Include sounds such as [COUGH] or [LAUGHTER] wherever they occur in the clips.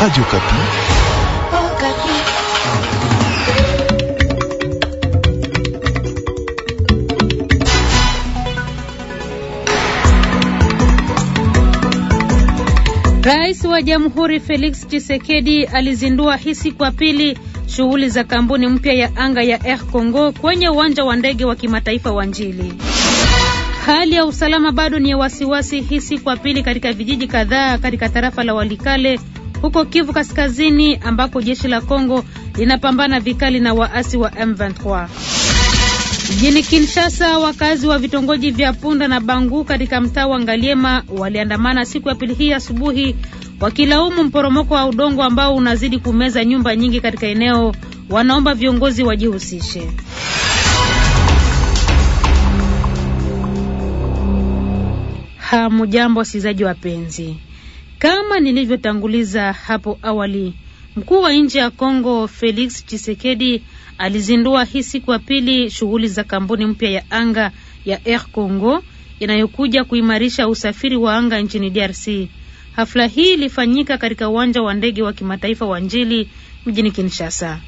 Radio Kapi. Oh, Kapi. Rais wa Jamhuri Felix Tshisekedi alizindua hii siku ya pili shughuli za kampuni mpya ya anga ya Air Congo kwenye uwanja wa ndege wa kimataifa wa Njili. Hali ya usalama bado ni ya wasiwasi hii siku ya pili katika vijiji kadhaa katika tarafa la Walikale huko Kivu Kaskazini ambako jeshi la Kongo linapambana vikali na waasi wa M23. Mjini Kinshasa, wakazi wa vitongoji vya Punda na Bangu katika mtaa wa Ngaliema waliandamana siku ya pili hii asubuhi wakilaumu mporomoko wa udongo ambao unazidi kumeza nyumba nyingi katika eneo. Wanaomba viongozi wajihusishe. Hamujambo wasikilizaji wapenzi. Kama nilivyotanguliza hapo awali, mkuu wa nchi ya Kongo Felix Tshisekedi alizindua hii siku ya pili shughuli za kampuni mpya ya anga ya Air Congo inayokuja kuimarisha usafiri wa anga nchini DRC. Hafla hii ilifanyika katika uwanja wa ndege wa kimataifa wa Njili mjini Kinshasa.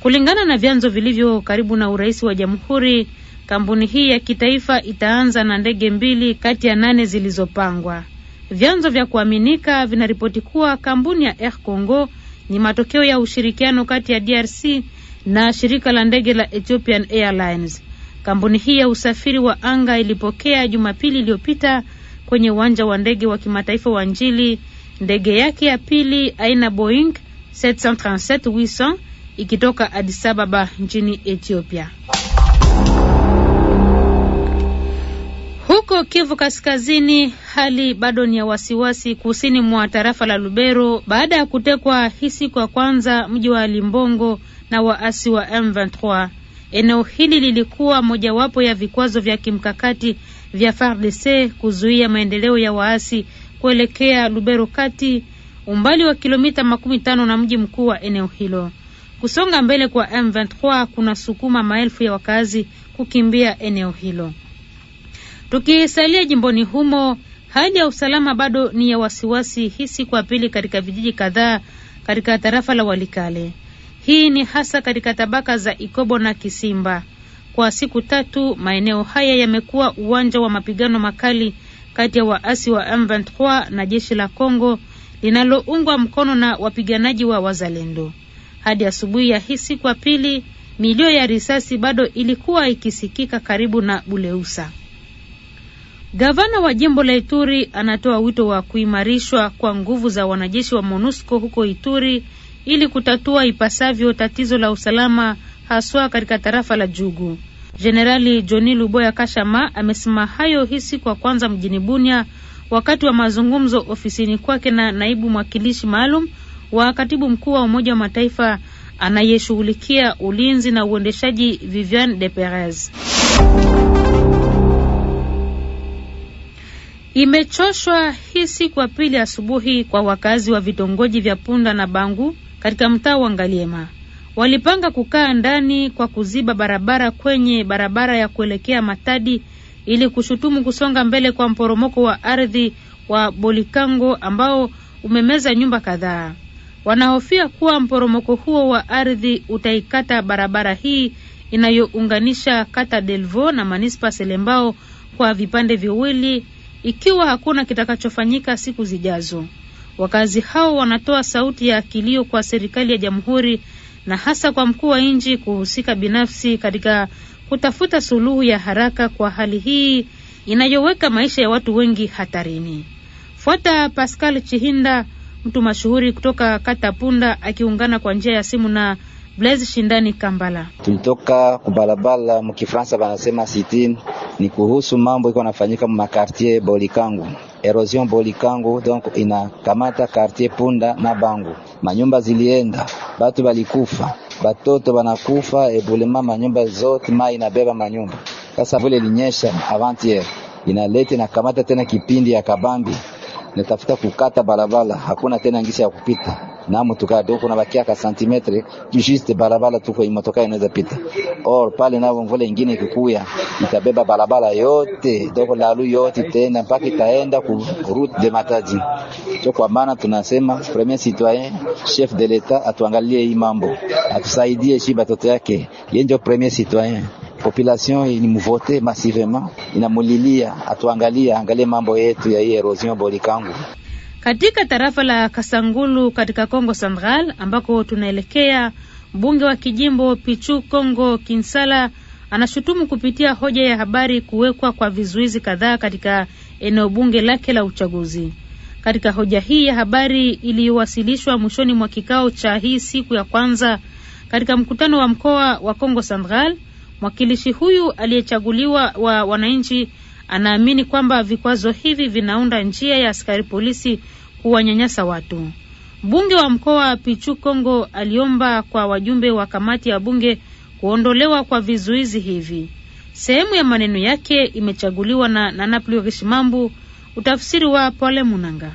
Kulingana na vyanzo vilivyo karibu na urais wa jamhuri, kampuni hii ya kitaifa itaanza na ndege mbili kati ya nane zilizopangwa. Vyanzo vya kuaminika vinaripoti kuwa kampuni ya Air Congo ni matokeo ya ushirikiano kati ya DRC na shirika la ndege la Ethiopian Airlines. Kampuni hii ya usafiri wa anga ilipokea Jumapili iliyopita kwenye uwanja wa ndege wa kimataifa wa Njili ndege yake ya pili aina Boeing 737-800 ikitoka Addis Ababa nchini Ethiopia. Huko Kivu Kaskazini, hali bado ni ya wasiwasi kusini mwa tarafa la Lubero baada ya kutekwa hii siku ya kwanza mji wa Limbongo na waasi wa M23. Eneo hili lilikuwa mojawapo ya vikwazo vya kimkakati vya FARDC kuzuia maendeleo ya waasi kuelekea Lubero kati, umbali wa kilomita makumi tano na mji mkuu wa eneo hilo. Kusonga mbele kwa M23 kuna sukuma maelfu ya wakazi kukimbia eneo hilo. Tukisalia jimboni humo, hali ya usalama bado ni ya wasiwasi hii siku ya pili katika vijiji kadhaa katika tarafa la Walikale. Hii ni hasa katika tabaka za Ikobo na Kisimba. Kwa siku tatu maeneo haya yamekuwa uwanja wa mapigano makali kati ya waasi wa M23 na jeshi la Kongo linaloungwa mkono na wapiganaji wa Wazalendo. Hadi asubuhi ya hii siku ya pili, milio ya risasi bado ilikuwa ikisikika karibu na Buleusa. Gavana wa jimbo la Ituri anatoa wito wa kuimarishwa kwa nguvu za wanajeshi wa MONUSCO huko Ituri ili kutatua ipasavyo tatizo la usalama haswa katika tarafa la Jugu. Jenerali Johnny Luboya Kashama amesema hayo hii siku ya kwanza mjini Bunia wakati wa mazungumzo ofisini kwake na naibu mwakilishi maalum wa katibu mkuu wa Umoja wa Mataifa anayeshughulikia ulinzi na uendeshaji Vivian de Perez. imechoshwa hii siku ya pili asubuhi kwa wakazi wa vitongoji vya Punda na Bangu katika mtaa wa Ngaliema. Walipanga kukaa ndani kwa kuziba barabara kwenye barabara ya kuelekea Matadi ili kushutumu kusonga mbele kwa mporomoko wa ardhi wa Bolikango ambao umemeza nyumba kadhaa. Wanahofia kuwa mporomoko huo wa ardhi utaikata barabara hii inayounganisha kata Delvo na manispa Selembao kwa vipande viwili ikiwa hakuna kitakachofanyika siku zijazo. Wakazi hao wanatoa sauti ya kilio kwa serikali ya jamhuri na hasa kwa mkuu wa nchi kuhusika binafsi katika kutafuta suluhu ya haraka kwa hali hii inayoweka maisha ya watu wengi hatarini. Fuata Pascal Chihinda, mtu mashuhuri kutoka Kata Punda, akiungana kwa njia ya simu na Blaise Shindani Kambala. Tulitoka kubalabala mkifransa banasema sitini ni kuhusu mambo iko nafanyika mumakartier Bolikangu, erosion Bolikangu, donc inakamata kartier Punda na Bangu. Manyumba zilienda, batu balikufa, batoto banakufa, ebulema manyumba zote, mai inabeba manyumba. Sasa vile linyesha avantiere inaleta inakamata tena kipindi ya kabambi natafuta kukata barabara, hakuna tena ngisha ya kupita namu tukaa doko na bakia ka santimetre juste barabara tuko imotoka inaweza pita, or pale na mvula nyingine ikikuya itabeba barabara yote doko lalu yote tena mpaka itaenda ku route de Matadi. So kwa maana tunasema premier citoyen chef de l'etat atuangalie hii mambo, atusaidie shi batoto yake, yeye ndio premier citoyen population ilimvote masivema, inamulilia atuangalia angalie mambo yetu ya hii erosion Bolikangu. Katika tarafa la Kasangulu katika Kongo Central ambako tunaelekea, mbunge wa kijimbo Pichu Kongo Kinsala anashutumu kupitia hoja ya habari kuwekwa kwa vizuizi kadhaa katika eneo bunge lake la uchaguzi. Katika hoja hii ya habari iliyowasilishwa mwishoni mwa kikao cha hii siku ya kwanza katika mkutano wa mkoa wa Kongo Central, Mwakilishi huyu aliyechaguliwa wa wananchi anaamini kwamba vikwazo hivi vinaunda njia ya askari polisi kuwanyanyasa watu. Mbunge wa mkoa Pichu Kongo aliomba kwa wajumbe wa kamati ya bunge kuondolewa kwa vizuizi hivi. Sehemu ya maneno yake imechaguliwa na Nanaplio Kishimambu, utafsiri wa Pole Munanga.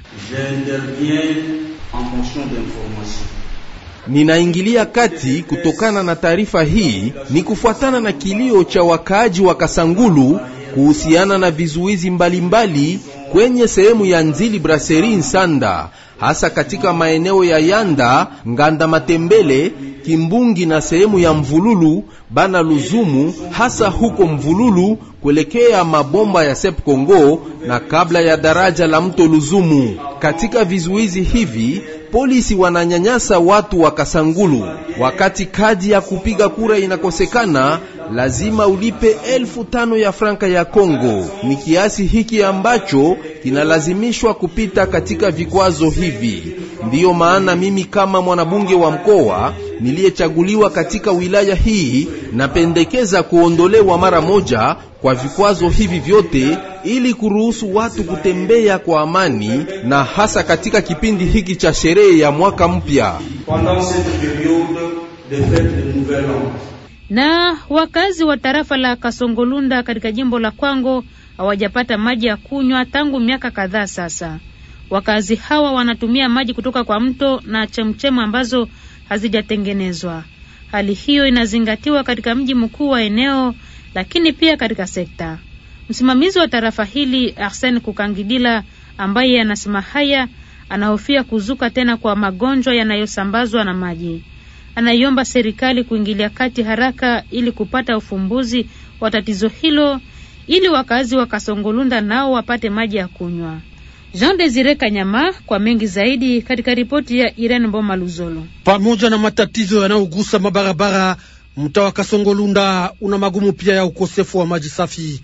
Ninaingilia kati kutokana na taarifa hii, ni kufuatana na kilio cha wakaaji wa Kasangulu kuhusiana na vizuizi mbalimbali mbali kwenye sehemu ya Nzili Brasserie Nsanda, hasa katika maeneo ya Yanda, Nganda, Matembele, Kimbungi na sehemu ya Mvululu bana Luzumu, hasa huko Mvululu kuelekea mabomba ya Sep Kongo na kabla ya daraja la mto Luzumu. Katika vizuizi hivi polisi wananyanyasa watu wa Kasangulu. Wakati kadi ya kupiga kura inakosekana, lazima ulipe elfu tano ya franka ya Kongo. Ni kiasi hiki ambacho kinalazimishwa kupita katika vikwazo hivi. Ndiyo maana mimi kama mwanabunge wa mkoa niliyechaguliwa katika wilaya hii, napendekeza kuondolewa mara moja kwa vikwazo hivi vyote ili kuruhusu watu kutembea kwa amani na hasa katika kipindi hiki cha sherehe ya mwaka mpya. Na wakazi wa tarafa la Kasongolunda katika jimbo la Kwango hawajapata maji ya kunywa tangu miaka kadhaa sasa. Wakazi hawa wanatumia maji kutoka kwa mto na chemchemu ambazo hazijatengenezwa. Hali hiyo inazingatiwa katika mji mkuu wa eneo, lakini pia katika sekta. Msimamizi wa tarafa hili Arsen Kukangidila, ambaye anasema haya, anahofia kuzuka tena kwa magonjwa yanayosambazwa na maji. Anaiomba serikali kuingilia kati haraka ili kupata ufumbuzi wa tatizo hilo ili wakazi wa Kasongolunda nao wapate maji ya kunywa. Jean Desire Kanyama kwa mengi zaidi katika ripoti ya Irene Mboma Luzolo. Pamoja na matatizo yanayogusa mabarabara, mtaa wa Kasongolunda una magumu pia ya ukosefu wa maji safi.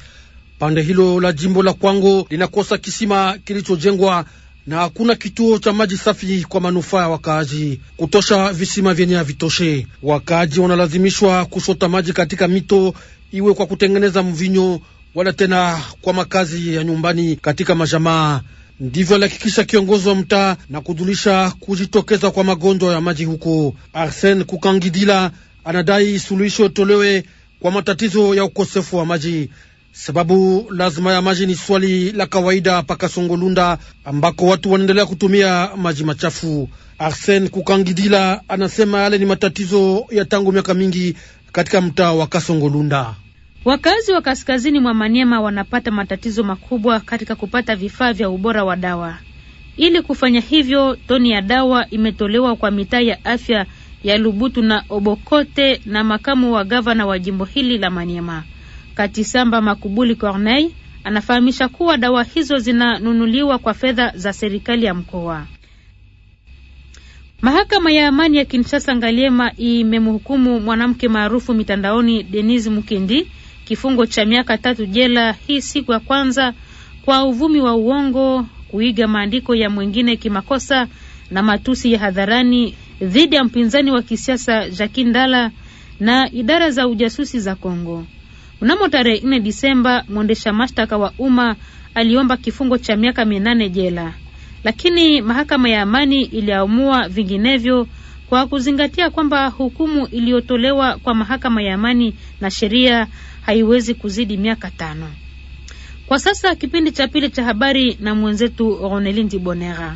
Pande hilo la jimbo la Kwango linakosa kisima kilichojengwa na hakuna kituo cha maji safi kwa manufaa ya wakaaji. Kutosha visima vyenye havitoshe, wakaaji wanalazimishwa kushota maji katika mito, iwe kwa kutengeneza mvinyo wala tena kwa makazi ya nyumbani katika majamaa. Ndivyo alihakikisha kiongozi wa mtaa na kudulisha kujitokeza kwa magonjwa ya maji huko. Arsen Kukangidila anadai suluhisho tolewe kwa matatizo ya ukosefu wa maji, sababu lazima ya maji ni swali la kawaida pakasongolunda Songolunda ambako watu wanaendelea kutumia maji machafu. Arsen Kukangidila anasema yale ni matatizo ya tangu miaka mingi katika mtaa wa Kasongolunda. Wakazi wa kaskazini mwa Maniema wanapata matatizo makubwa katika kupata vifaa vya ubora wa dawa. Ili kufanya hivyo, toni ya dawa imetolewa kwa mitaa ya afya ya Lubutu na Obokote na makamu wa gavana wa jimbo hili la Maniema Katisamba Makubuli Corneille anafahamisha kuwa dawa hizo zinanunuliwa kwa fedha za serikali ya mkoa. Mahakama ya amani ya Kinshasa Ngaliema imemhukumu mwanamke maarufu mitandaoni Denise Mukendi kifungo cha miaka tatu jela hii siku ya kwanza kwa uvumi wa uongo, kuiga maandiko ya mwingine kimakosa na matusi ya hadharani dhidi ya mpinzani wa kisiasa Jacques Ndala na idara za ujasusi za Kongo. Mnamo tarehe 4 Disemba, mwendesha mashtaka wa umma aliomba kifungo cha miaka minane jela, lakini mahakama ya amani iliamua vinginevyo kwa kuzingatia kwamba hukumu iliyotolewa kwa mahakama ya amani na sheria haiwezi kuzidi miaka tano. Kwa sasa kipindi cha pili cha habari na mwenzetu Ronelindi Bonera.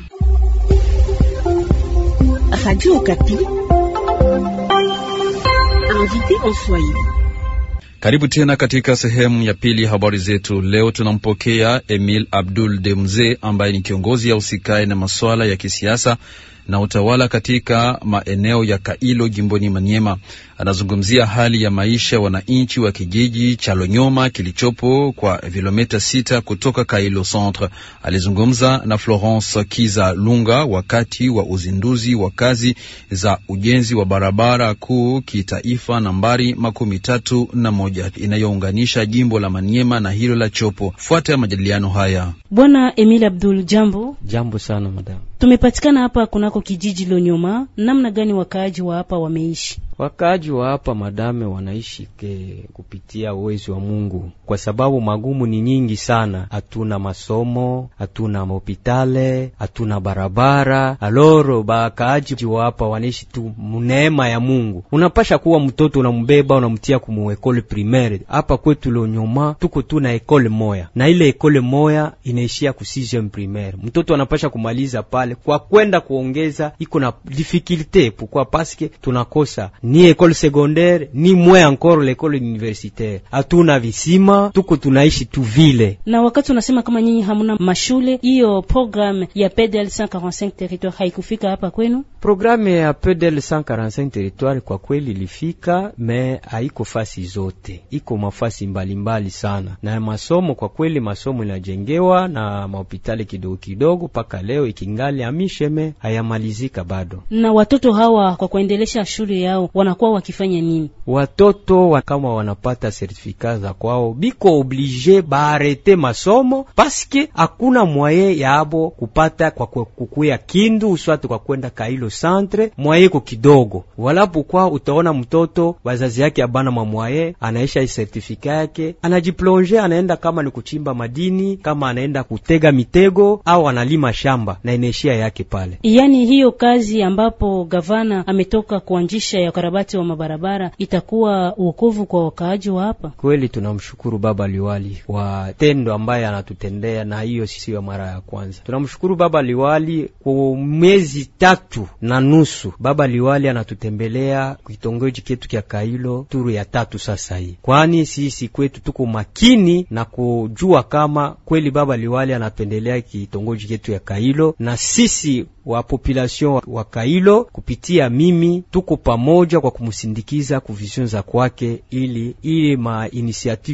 Karibu tena katika sehemu ya pili ya habari zetu. Leo tunampokea Emil Abdul Demze ambaye ni kiongozi ya usikae na masuala ya kisiasa na utawala katika maeneo ya Kailo jimboni Maniema. Anazungumzia hali ya maisha wananchi wa kijiji cha Lonyoma kilichopo kwa vilometa sita kutoka Kailo Centre. Alizungumza na Florence Kiza Lunga wakati wa uzinduzi wa kazi za ujenzi wa barabara kuu kitaifa nambari makumi tatu na moja inayounganisha jimbo la Maniema na hilo la Chopo. Fuata ya majadiliano haya. Bwana Emil Abdul, jambo. Jambo sana madam. Tumepatikana hapa kuna kunako kijiji Lonyoma, namna gani wakaaji wa hapa wameishi? Wakaaji wa hapa madame wanaishi ke kupitia uwezo wa Mungu, kwa sababu magumu ni nyingi sana. Hatuna masomo, hatuna hopitale, hatuna barabara. Aloro bakaji wa hapa wanaishi tu mneema ya Mungu. Unapasha kuwa mtoto unambeba unamtia kumu ekole primaire. Hapa kwetu Lonyoma tuko tu na ekole moya, na ile ekole moya inaishia ku sixieme primaire. Mtoto anapasha kumaliza pale, kwa kwenda kuongeza iko na difficulté pourquoi parce que tunakosa ni ekole secondaire ni mwe encore lekole universitaire. Hatuna visima, tuko tunaishi tu vile. Na wakati unasema kama nyinyi hamuna mashule, hiyo programme ya PDL 145 territoire haikufika hapa kwenu? Programu ya PEDEL 145 territoire kwa kweli ilifika, me haiko fasi zote, iko mafasi mbalimbali sana. Na masomo kwa kweli, masomo inajengewa na mahopitali kidogo kidogo, mpaka leo ikingali amisheme hayamalizika bado. Na watoto hawa kwa kuendelesha shule yao wanakuwa wakifanya nini? Watoto kama wanapata sertifikat za kwao, biko oblige baarete masomo paske hakuna mwaye yabo kupata kwa kukuya kindu uswatu kwa kwenda kailo centre mwayeko ko kidogo, wala utaona mtoto wazazi yake abana mwa mwaye anaisha isertifika yake, anajiplonge anaenda kama ni kuchimba madini, kama anaenda kutega mitego au analima shamba na inaishia yake pale. Yani hiyo kazi ambapo gavana ametoka kuanzisha ya ukarabati wa mabarabara itakuwa uokovu kwa wakaaji wa hapa. Kweli tunamshukuru baba liwali wa tendo ambaye anatutendea, na hiyo wa mara ya kwanza. Tunamshukuru baba liwali kwa miezi tatu na nusu. Baba Liwali anatutembelea kitongoji kyetu kya Kailo turu ya tatu sasa hii, kwani sisi kwetu tuko makini na kujua kama kweli Baba Liwali anapendelea kitongoji kyetu ya Kailo, na sisi wa population wa Kailo kupitia mimi tuko pamoja kwa kumsindikiza za kwake, ili ili ma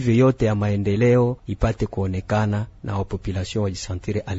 yote ya maendeleo ipate kuonekana na population wajisantire a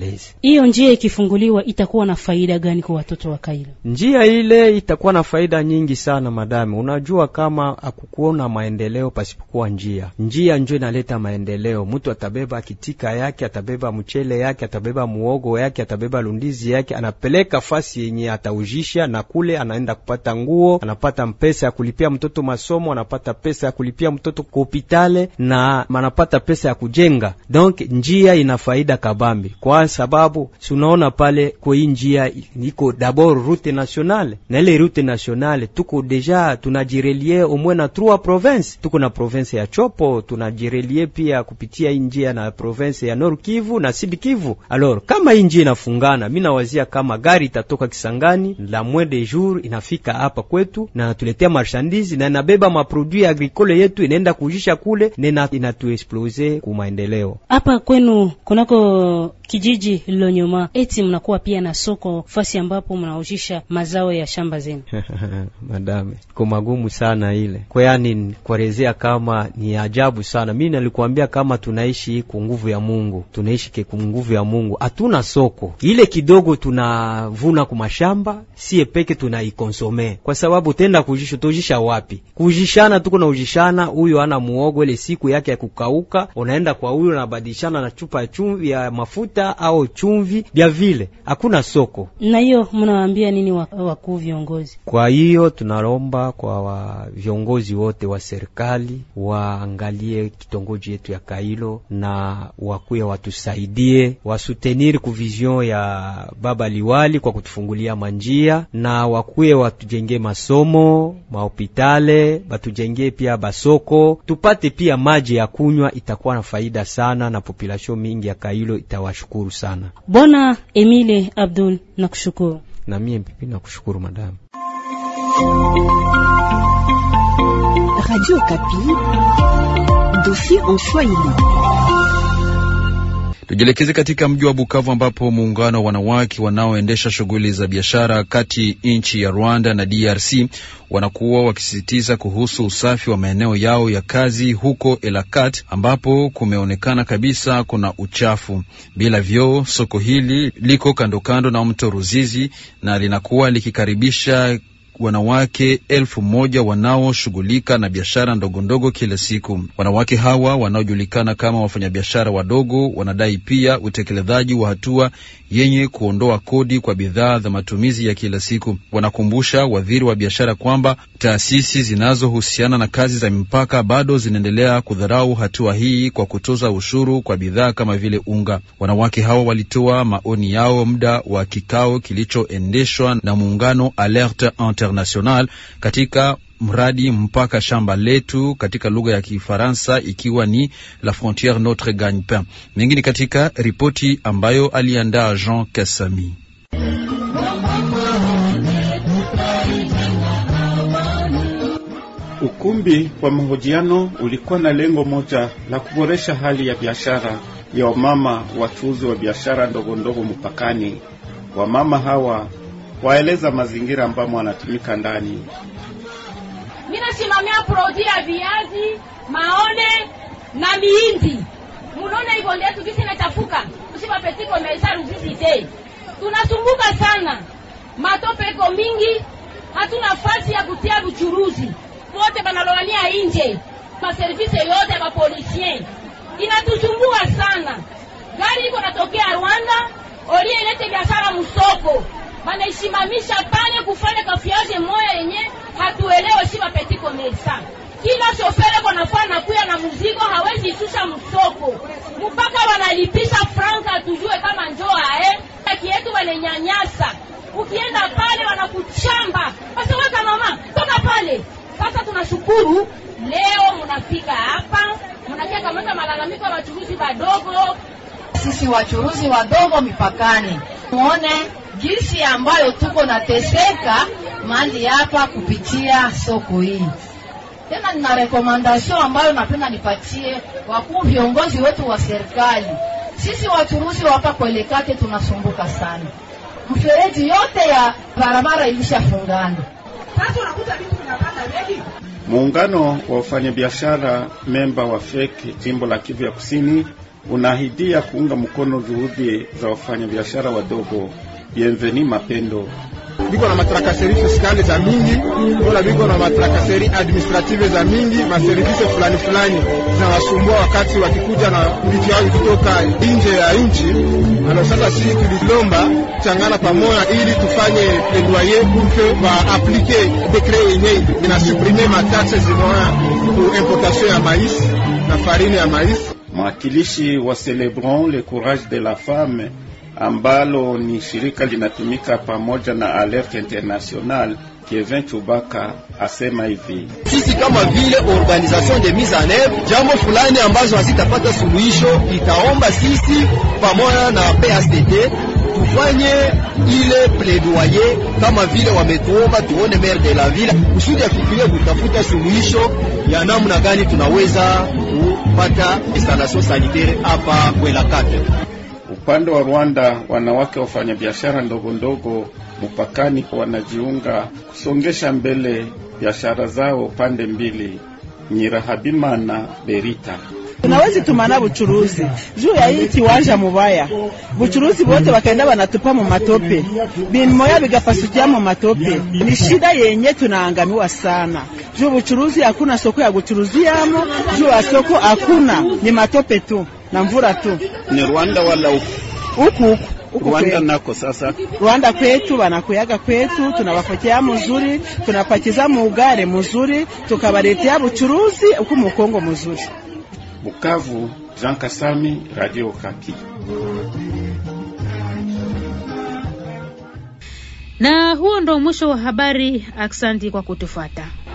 Hiyo njia ikifunguliwa itakuwa na faida gani kwa watoto wa Kaila? Njia ile itakuwa na faida nyingi sana madame. Unajua kama akukuona maendeleo pasipokuwa njia, njia njo inaleta maendeleo. Mtu atabeba kitika yake, atabeba mchele yake, atabeba muogo yake, atabeba lundizi yake, anapeleka fasi yenye ataujisha, na kule anaenda kupata nguo, anapata mpesa ya kulipia mtoto masomo, anapata pesa ya kulipia mtoto kopitale, na anapata pesa ya kujenga. Donc njia ina faida kabambi, kwa sababu tunaona pale kwa hii njia iko dabord route nationale, na ile route nationale tuko deja tunajirelie omwe na trois province, tuko na province ya Chopo tunajirelie pia kupitia hii njia na province ya Nord Kivu na Sud Kivu. Alors kama hii njia inafungana, mimi nawazia kama gari itatoka Kisangani la moins de jour inafika hapa kwetu na tuletea marchandise na inabeba maproduit agricole yetu inaenda kujisha kule nena inatuexplose kumaendeleo hapa kwenu kunako kijiji nyuma, eti mnakuwa pia na soko fasi ambapo mnauzisha mazao ya shamba zenu? [LAUGHS] Madame, ko magumu sana ile kwa, yani kuelezea kama ni ajabu sana. Mi nalikuambia kama tunaishi ku nguvu ya Mungu, tunaishi ku nguvu ya Mungu, hatuna soko. Ile kidogo tunavuna ku mashamba sie peke tunaikonsome, kwa sababu tenda kujisha tojisha wapi? Kujishana tuko na ujishana, huyu ana muogo ile siku yake ya kukauka, unaenda kwa huyu unabadilishana na chupa vitupa chumvi ya mafuta au chumvi bya vile, hakuna soko. Na hiyo mnawaambia nini wakuu viongozi? Kwa hiyo tunalomba kwa wa viongozi wote wa serikali waangalie kitongoji yetu ya Kailo na wakuya watusaidie, wasuteniri kuvision ya baba liwali kwa kutufungulia manjia, na wakuye watujenge masomo mahopitale, batujenge pia basoko, tupate pia maji ya kunywa, itakuwa na faida sana na population mingi ya Kailo itawashukuru sana. Bwana Emile Abdul, nakushukuru. Na mie mpipi nakushukuru madamu. Radio Kapi, dossier en Swahili. Tujielekeze katika mji wa Bukavu ambapo muungano wa wanawake wanaoendesha shughuli za biashara kati nchi ya Rwanda na DRC wanakuwa wakisisitiza kuhusu usafi wa maeneo yao ya kazi huko Elakat ambapo kumeonekana kabisa kuna uchafu bila vyoo. Soko hili liko kandokando na mto Ruzizi na linakuwa likikaribisha wanawake elfu moja wanaoshughulika na biashara ndogo ndogo kila siku. Wanawake hawa wanaojulikana kama wafanyabiashara wadogo wanadai pia utekelezaji wa hatua yenye kuondoa kodi kwa bidhaa za matumizi ya kila siku. Wanakumbusha waziri wa biashara kwamba taasisi zinazohusiana na kazi za mipaka bado zinaendelea kudharau hatua hii kwa kutoza ushuru kwa bidhaa kama vile unga. Wanawake hawa walitoa maoni yao muda wa kikao kilichoendeshwa na muungano Alerte Inter International katika mradi mpaka shamba letu katika lugha ya Kifaransa ikiwa ni la frontiere notre gagne-pain. Mengi ni katika ripoti ambayo aliandaa Jean Kasami. Ukumbi wa mahojiano ulikuwa na lengo moja la kuboresha hali ya biashara ya wamama wachuuzi wa biashara ndogondogo mpakani. Wamama hawa waeleza mazingira ambamo anatumika ndani. nasimamia produi ya viazi maone na miindi, munaona hivyo ndetu visi nachafuka usivapetikomesaruvisite tunasumbuka sana, matope iko mingi, hatuna fasi ya kutia buchuruzi, wote banalolania inje maservise yote mapolisie, inatusumbua sana. Gari iko natokea Rwanda oliye ilete biashara musoko wanaishimamisha pale kufanya kafiaje moya yenye hatuelewe. Si mapetiko mesa kila shofere konafaa nakuya na mzigo hawezi susha msoko, mpaka wanalipisha franka, tujue kama njoa eh? Aki yetu wananyanyasa, ukienda pale wanakuchamba basi, mama toka pale. Sasa tunashukuru leo mnafika hapa, mnakia kamata malalamiko ya wachuruzi wadogo. Sisi wachuruzi wadogo mipakani, muone jinsi ambayo tuko nateseka mali hapa kupitia soko hii. Tena nina rekomandasyon ambayo napenda nipatie wakuu viongozi wetu wa serikali. Sisi wachuruzi hapa Kwelekake tunasumbuka sana, mfereji yote ya barabara ilishafungana. Sasa unakuta vitu vinapanda bei. Muungano wa wafanyabiashara memba wa feki jimbo la Kivu ya Kusini unaahidia kuunga mkono juhudi za wafanyabiashara wadogo Bienvenue Mapendo biko na matrakaserie fiskale za mingi ona biko na matrakaserie administrative za mingi, maservise fulani fulani zinawasumbua wakati wakikuja na vitu yao kutoka nje ya nchi. Na sasa sisi tulilomba changana pamoja, ili tufanye plaidoyer pour que va appliquer decret yenye ina mataxe zimoya pour importation ya mais na farine ya mais. Mwakilishi wa Celebrons le courage de la femme ambalo ni shirika linatumika pamoja na Alert International. Kevin Chubaka asema hivi: sisi kama vile organisation de mise en oeuvre, jambo fulani ambazo hazitapata suluhisho, itaomba sisi pamoja na PSDT tufanye ile plaidoyer kama vile wametuomba, tuone maire de la ville kusudi afikirie kutafuta suluhisho ya namna gani tunaweza kupata installation sanitaire hapa kwela kate Upande wa Rwanda, wanawake wafanya biashara ndogo ndogo mpakani wanajiunga kusongesha mbele biashara zao pande mbili. Nyirahabimana Berita tunawezi tumana buchuruzi juu ya hii kiwanja mubaya, Buchuruzi bote bakenda banatupa mu matope, bin moya bigapasukia mu matope. Ni shida yenye tunaangamiwa sana juu buchuruzi, hakuna soko ya kuchuruziamo, juu ya soko hakuna, ni matope tu na mvura tu. Ni Rwanda wala huku huku huku Rwanda nako sasa, Rwanda kwetu wanakuyaga kwetu, tunabapakia mzuri, tunapakiza mugare mzuri, tukabaletea buchuruzi uko mukongo mzuri Bukavu, Jean Kasami, Radio Kaki. Na huo ndo mwisho wa habari. Aksanti kwa kutufuata.